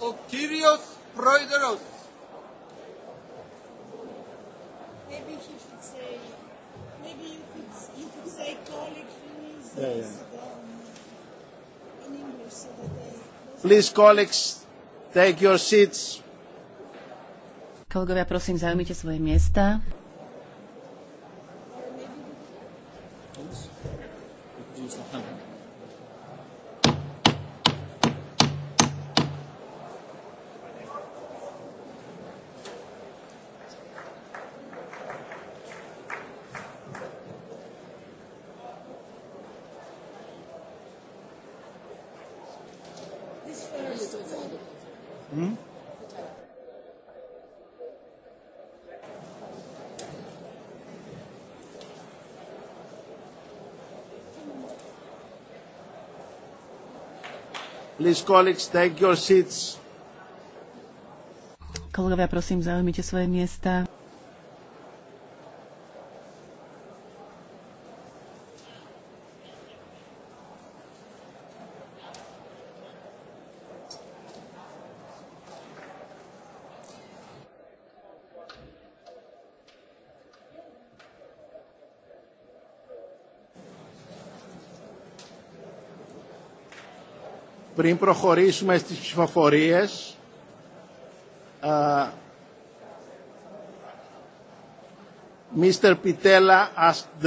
ο κύριος πρόεδρος. please colleagues, take your seats. Kolegovia, prosím, zaujmite svoje miesta. Or maybe... Hm? Please, colleagues, take your seats. Kolegovia, prosím, zaujmite svoje miesta. Πριν προχωρήσουμε στις ψηφοφορίες, Mr. Pitella asked the